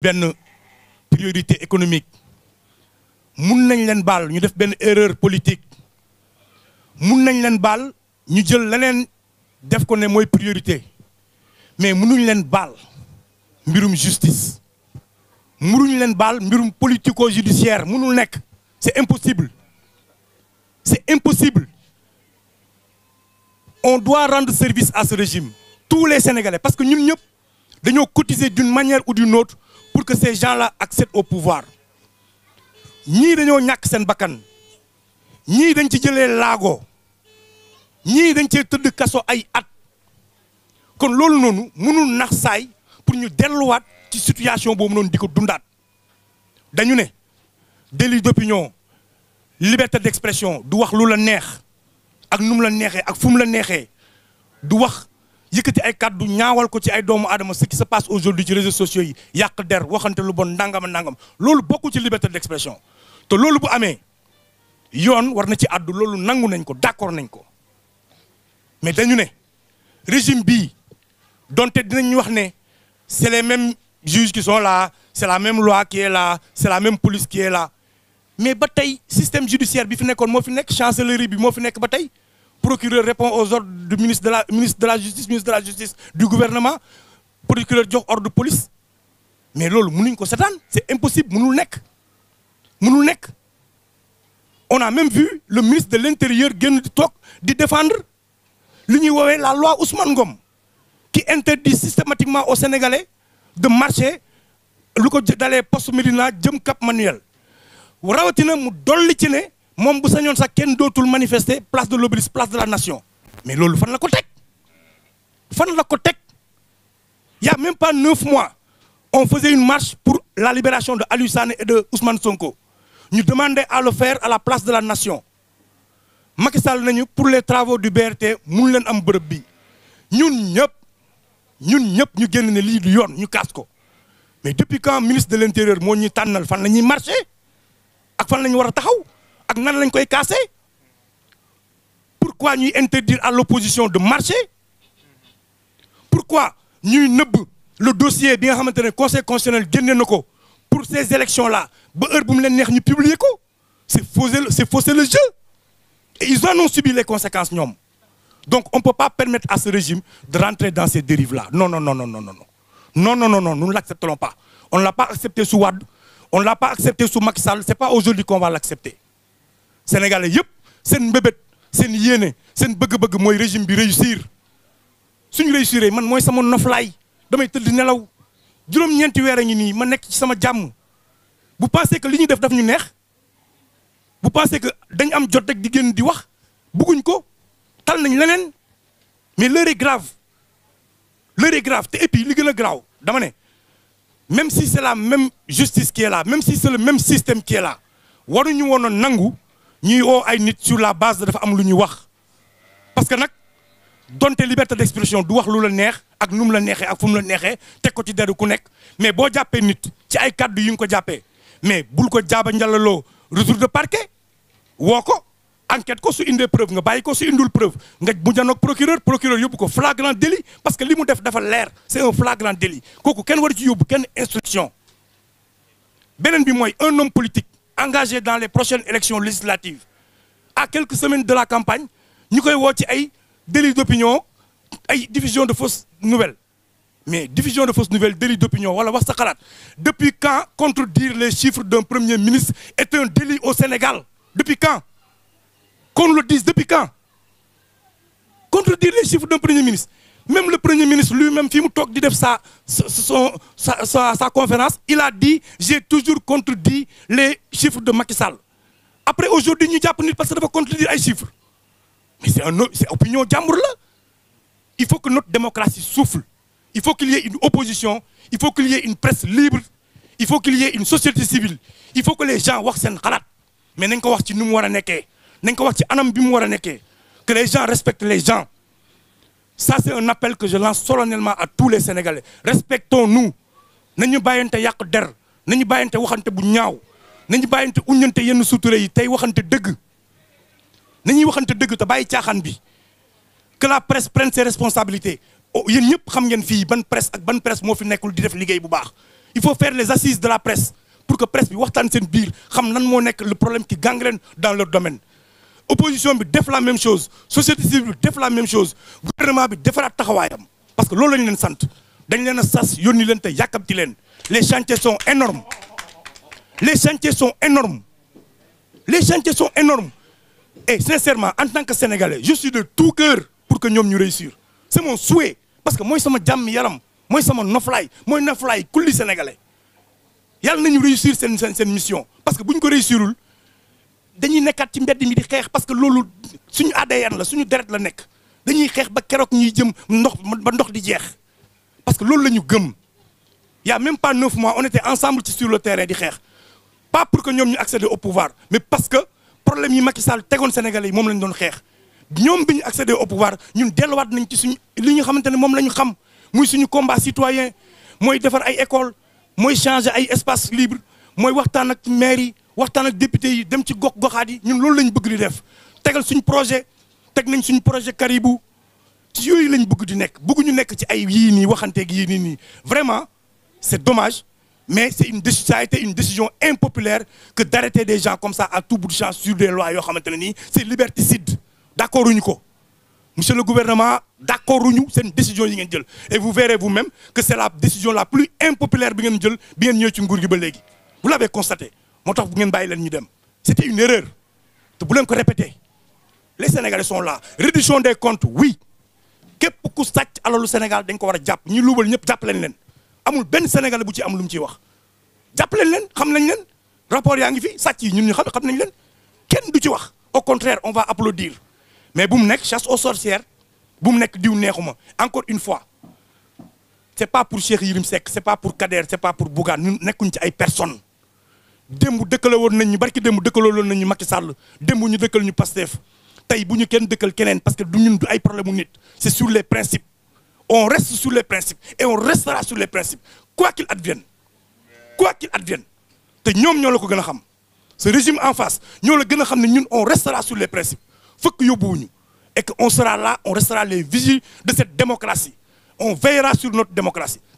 benn priorité économique mun nañ leen baal ñu def benn erreur politique mun nañ leen baal ñu jël leneen def ko ne mooy priorité mais munuñ leen baal mbirum justice munuñ leen baal mbirum politico judiciaire munul nekk c'est impossible c'est impossible on doit rendre service à ce régime tous les Sénégalais parce que ñun ñëpp dañoo cotiser d'une manière ou d'une autre pour que ces gens-là accèdent au pouvoir ñii dañoo ñàkk seen bakkan ñii dañ ci jëlee laago ñii dañ cee tëdd kaso ay at kon loolu noonu mënul nax saay pour ñu delluwaat ci situation boobu noonu di ko dundaat dañu ne délit d'opinion liberté d'expression du wax lu la neex ak num la neexee ak fum la neexee du wax yëkkati ay kàddu ñaawal ko ci ay doomu aadama ce qui se passe aujourd'hui ci réseaux sociaux yi yàq der waxante lu bon ndàngam ndàngam loolu bokku ci liberté d'expression te loolu bu amee yoon war na ci àddu loolu nangu nañ ko d'accord nañ ko mais dañu ne régime bi donte dinañ wax ne c'est les mêmes juges qui sont là c'est la même loi qui est la c'est la même police qui est là mais ba tey système judiciaire bi fi nekkoon moo fi nekk chancellerie bi moo fi nekk ba tey procureur répond aux ordres du ministre de la ministre de la justice ministre de la justice du gouvernement procureur jox ordre de police mais loolu mu mënuñ ko setaan c'est impossible mënul nekk mënul nekk on a même vu le ministre de l'intérieur génn di toog di défendre li ñuy woowee la loi Ousmane Ngom qui interdit systématiquement au Sénégalais de marché lu ko dalee post Médina jëm Cap Manuel rawatina mu dolli ci ne moom bu ñoon sax kenn dootul manifester place de l'Obélisque place de la nation mais loolu fan la ko teg fan la ko teg y même pas neuf mois on faisait une marche pour la libération de Aliou Sané et de Ousmane Sonko ñu demandait à le à la place de la nation Macky Sall nañu pour les travaux du BRT mun leen am bërëb bi ñun ñëpp ñun ñëpp ñu génn ne lii du yoon ñu kaas ko mais depuis quand ministre de l'intérieur moo ñu tànnal fan la ñuy marché ak fan la ñu war a taxaw ak nan lañ koy casser pourquoi ñuy interdire à l'opposition de marché pourquoi ñuy nëbb le dossier bi nga xamante ne conseil constitutionnel génne na ko pour ces élections là ba heure bu mu leen neex ñu publier ko c'est fausser c'est fausser le jeu et ils en ont subi les conséquences ñoom donc on peut pas permettre à ce régime de rentrer dans ces dérives là non non non non non non non non non non nous ne l'accepterons pas on ne l'a pas accepté sous Wade on ne l'a pas accepté sous Macky Sall c'est pas aujourd'hui qu'on va sénégalais yëpp seen mbébét seen yéene seen bëgg-bëgg mooy régime bi réussir suñu réussir man mooy sama noflaay damay tëdd nelaw juróom-ñeenti weer a ngi nii ma nekk ci sama jàmm bu passé que li ñuy def daf ñu neex bu passé que dañ am jot rek di génn di wax bugguñ ko tal nañ leneen mais l'heure est grave l'heure est grave te et li gën a graaw dama ne même si c'est la même justice qui est là même si c'est le même système qui est là waruñu woon a nangu ñuy o ay nit sur la base dafa am lu ñuy wax parce que nag donte liberté d'expression du wax lu la neex ak nu la neexee ak fu mu la neexe te ko ci deru ku nekk mais boo jàppee nit ci ay kàddu yi nga ko jàppee mais bul ko jaaba njalaloo retour de parquet woo ko enquête ko su indee preuve nga bàyyi ko su indul preuve nga mu janoog procureur procureur yóbbu ko flagrant délit parce que li mu def dafa leer c'est un flagrant délit kooku kenn war ci yóbbu kenn instruction beneen bi mooy un homme politique engagé dans les prochaines élections législatives à quelques semaines de la campagne ñu koy woo ci ay délit d'opinion ay diffusion de fausses nouvelle mais diffusion de fausses nouvelles délit d'opinion wala wax sa xalaat depuis quand contredire les chiffres d'un premier ministre est un délit au Sénégal depuis quand qu'on le dise depuis quand contredire les chiffres d'un premier ministre même le premier ministre lui-même fii mu toog di def sa son sa sa sa conférence il a dit j'ai toujours contredit les chiffres de Macky Sall après aujourd'hui ñu jàpp nit parce que dafa contredire ay chiffres mais c'est un opinion jàmbur la il faut que notre démocratie souffle il faut qu'il y ait une opposition il faut qu'il y ait une presse libre il faut qu'il y ait une société civile il faut que les gens wax seen xalaat mais nañ ko wax ci ni mu war a nekkee nañ ko wax ci anam bi mu war a nekkee que les gens les gens ça c'est un appel que je lance solennellement à tous les Sénégalais respectons-nous nañu bàyyante yàq der nañu bàyyante waxante bu ñaaw nañu bàyyante uññante yenn suture yi tey waxante dëgg nañuy waxante dëgg te bàyyi caaxaan bi que la presse prenne ses responsabilités oh, yéen ñëpp xam ngeen fii ban presse ak ban presse moo fi nekkul di def liggéey bu baax il faut faire les assises de la presse pour que presse bi waxtaan seen biir xam nan moo nekk le problème qui gangrène dans leur opposition bi def la même chose société civile bi def la même chose gouvernement bi defaraat taxawaayam parce que loolu la ñu sant dañ leen a sas yónni leen te yàkkamti leen les chantiers son énormes les chantiers sont énormes les chantiers sont énormes et sincèrement en tan que sénégalais je de tout cœur pour que ñoom ñu réussir c'est mon souhait parce que mooy sama jàmm yaram mooy sama noflaay mooy noflaay kulli sénégalais yàlla nañu réussir seen seen seen mission parce que bu ñu ko réussirul dañuy nekkaat ci mbedd mi di xeex parce que loolu suñu ADN la suñu deret la nekk dañuy xeex ba keroog ñuy jëm ndox ba ndox di jeex parce que loolu la ñu gëm yaa a même pas neuf mois on était ensemble ci sur le terrain di xeex pas pour que ñoom ñu accéder au pouvoir mais parce que problème yi Macky Sall tegoon Sénégalais yi moom lañ doon xeex ñoom bi ñu accéder au pouvoir ñun delluwaat nañ ci suñu li ñu xamante ne moom la ñu xam muy suñu combat citoyen mooy defar ay école mooy changer ay espace libre mooy waxtaan ak maire yi waxtaan ak député yi dem ci gox goxaat yi ñun loolu lañ bëgg di def tegal suñ projet teg nañ suñ projet Caribou ci yooyu lañ bëgg di nekk ñu nekk ci ay yii nii waxanteeg yii nii nii vraiment c'est dommage mais c'est une décision ça a été une décision impopulaire que d'arrêter des gens comme ça à tout bout de champ sur des lois yoo xamante ne nii c'est liberticide d'accord uñu ko monsieur le gouvernement d'accord uñu seen décision yi ngeen jël et vous verrez vous-même que c'est la bi ngeen jël bi ngeen ñëw ci nguur ba léegi vous l'avez constaté moo tax bu ngeen bàyyi leen ñu dem c'était une erreur te bu leen ko répété les sénégalais sont la réduction des comptes oui képp ku sàcc alalu Sénégal dañ ko war a jàpp ñu luubal ñëpp jàpp leen leen amul benn sénégalais bu ci am lu mu ciy wax jàpp leen leen xam nañ leen rapport yaa ngi fi sàcc yi ñun ñu xam xam nañ leen kenn du ci wax au contraire on va applaudir mais bu mu nekk chasse aux sorcières bu mu nekk diw neexuma encore une fois c'est pas pour Cheikh Yérim Seck c'est pas pour Kader c'est pour Bougane nekkuñ ci ay personnes démb dëkkale woon nañ ñu barki démb dëkkaloo woon nañ ñu Macky Sall démb ñu dëkkal ñu Pastef tey bu ñu kenn dëkkal keneen parce que du ñun du ay problème mu nit c'est sur les principes on reste sur les principes et on restera sur les principes quoi qu'il advienne quoi qu'il advienne te ñoom ñoo la ko gën a xam ce régime en face ñoo la gën a xam ne ñun on restera sur les principes fëkk yóbbuwuñu et que on sera là on restera les vigiles de cette démocratie on veillera sur notre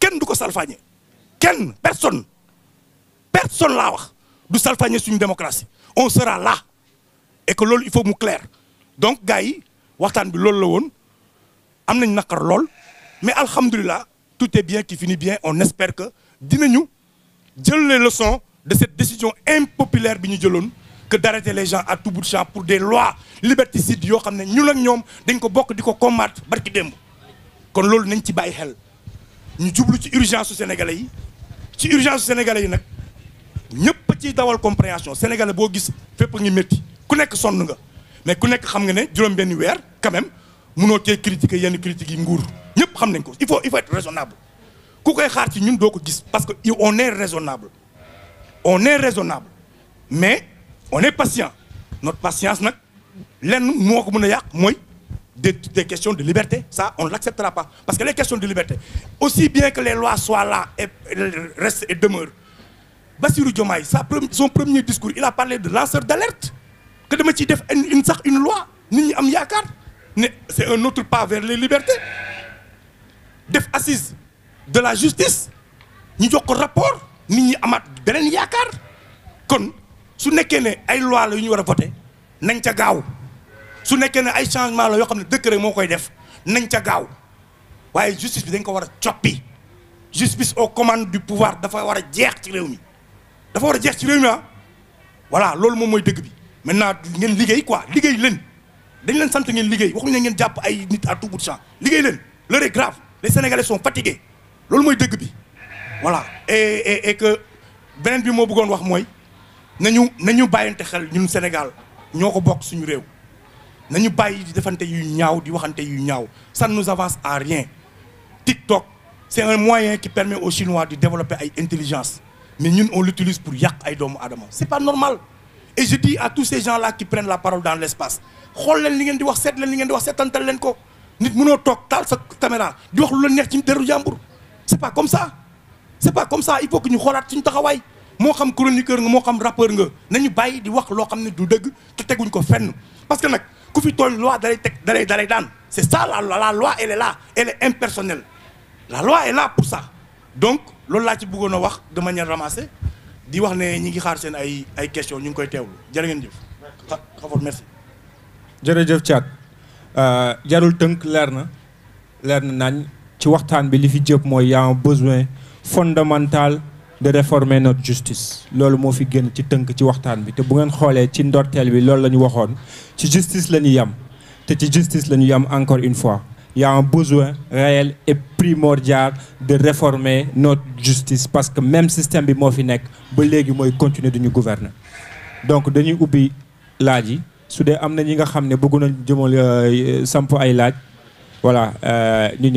kenn du ko salfaañe kenn personne personne laa wax du salfañe suñu démocratie on sera là et que loolu il faut mu clair donc gars yi waxtaan bi loolu la woon am nañ naqar lool mais alhamdulilah tout est bien qui finit bien on espère que dinañu jël le leçons de cette décision impopulaire bi ñu jëloon que d'arrêter les gens à tout bout de champ pour des lois liberticides yoo xam ne ñun ak ñoom dañ ko bokk di ko combattre barki démb kon loolu nañ ci bàyyi xel ñu jublu ci urgence su sénégalais yi ci urgence su yi nag ñëpp. ciy dawal compréhension sénégalais boo gis fépp ngi métti ku nekk sonn nga mais ku nekk xam nga ne juróom-benn weer quand même munoo cee critiquer yenn critiques yi nguur ñëpp xam nañ ko il faut il faut être raisonnable ku koy xaar ci ñun doo ko gis parce que on est raisonnable on est raisonnable mais on est patient notre patience nag lenn moo ko mën a yàq mooy des des questions de liberté ça on l'acceptera pas parce que les questions de liberté aussi bien que les lois soient là et restent et demeurent Bassirou Diomaye sa son premier discours il a parlé de lanceur d'alerte que dama ciy def une sax une loi nit ñi am yaakaar ne c'est un autre pas vers les libertés def assise de la justice ñu jox ko rapport nit ñi amaat beneen yaakaar kon su nekkee ne ay loi la yu ñu war a voter nañ ca gaaw su nekkee ne ay changement la yoo xam ne dëkk rek moo koy def nañ ca gaaw waaye justice bi dañ ko war a coppi justice aux commande du pouvoir dafa war a jeex ci réew mi dafa war a jeex ci réew mi ah voilà loolu moom mooy dëgg bi maintenant ngeen liggéey quoi liggéey leen dañ leen sant ngeen liggéey waxuñu ne ngeen jàpp ay nit à tout bout de champ liggéey leen l'heure est grave les sénégalais sont fatigués loolu mooy dëgg bi voilà et et que beneen bi moo buggoon wax mooy nañu nañu bàyyante xel ñun Sénégal ñoo ko bokk suñu réew nañu bàyyi di defante yu ñaaw di waxante yu ñaaw ça ne nous avance à rien TikTok c'est un moyen qui permet aux Chinois de développer ay intelligence mais ñun on l'utilise pour yàq ay doomu aadama c'est pas normal et je dis à tous ces gens là qui prennent la parole dans l'espace xool leen li ngeen di wax seet leen li ngeen di wax seetantal leen ko nit mënoo toog taal sa caméra di wax lu la neex ci deru jàmbur c'est pas comme ça c'est pas comme ça il faut que ñu xoolaat suñu taxawaay moo xam chroniqueur nga moo xam rappeur nga nañu bàyyi di wax loo xam ne du dëgg te teguñ ko fenn parce que nag ku fi tooñ loi dalay teg dalay dalay daan c'est ça la la loi donc loolu laa ci bëggoon a wax de manière ramassée di wax ne ñi ngi xaar seen ay ay questions ñu ngi koy teewlu jërë ngeen jëf. xafoon merci. jërëjëf Thiat euh, jarul tënk leer na leer na nañ ci waxtaan bi li fi jëpp mooy y a un besoin fondamental de réformer notre justice loolu moo fi génn ci tënk ci waxtaan bi te bu ngeen xoolee ci ndorteel bi loolu la ñu waxoon ci justice la ñu yam te ci justice la ñu yam encore une fois. il y a un besoin réel et primordial de réformer not justice parce que même système bi moo fi nekk ba léegi mooy continuer duñu gouverner donc dañuy ubbi laaj yi su dee am na ñi nga xam ne bëgg nañ jëmal euh, samp ay laaj voilà euh, ñu ñëw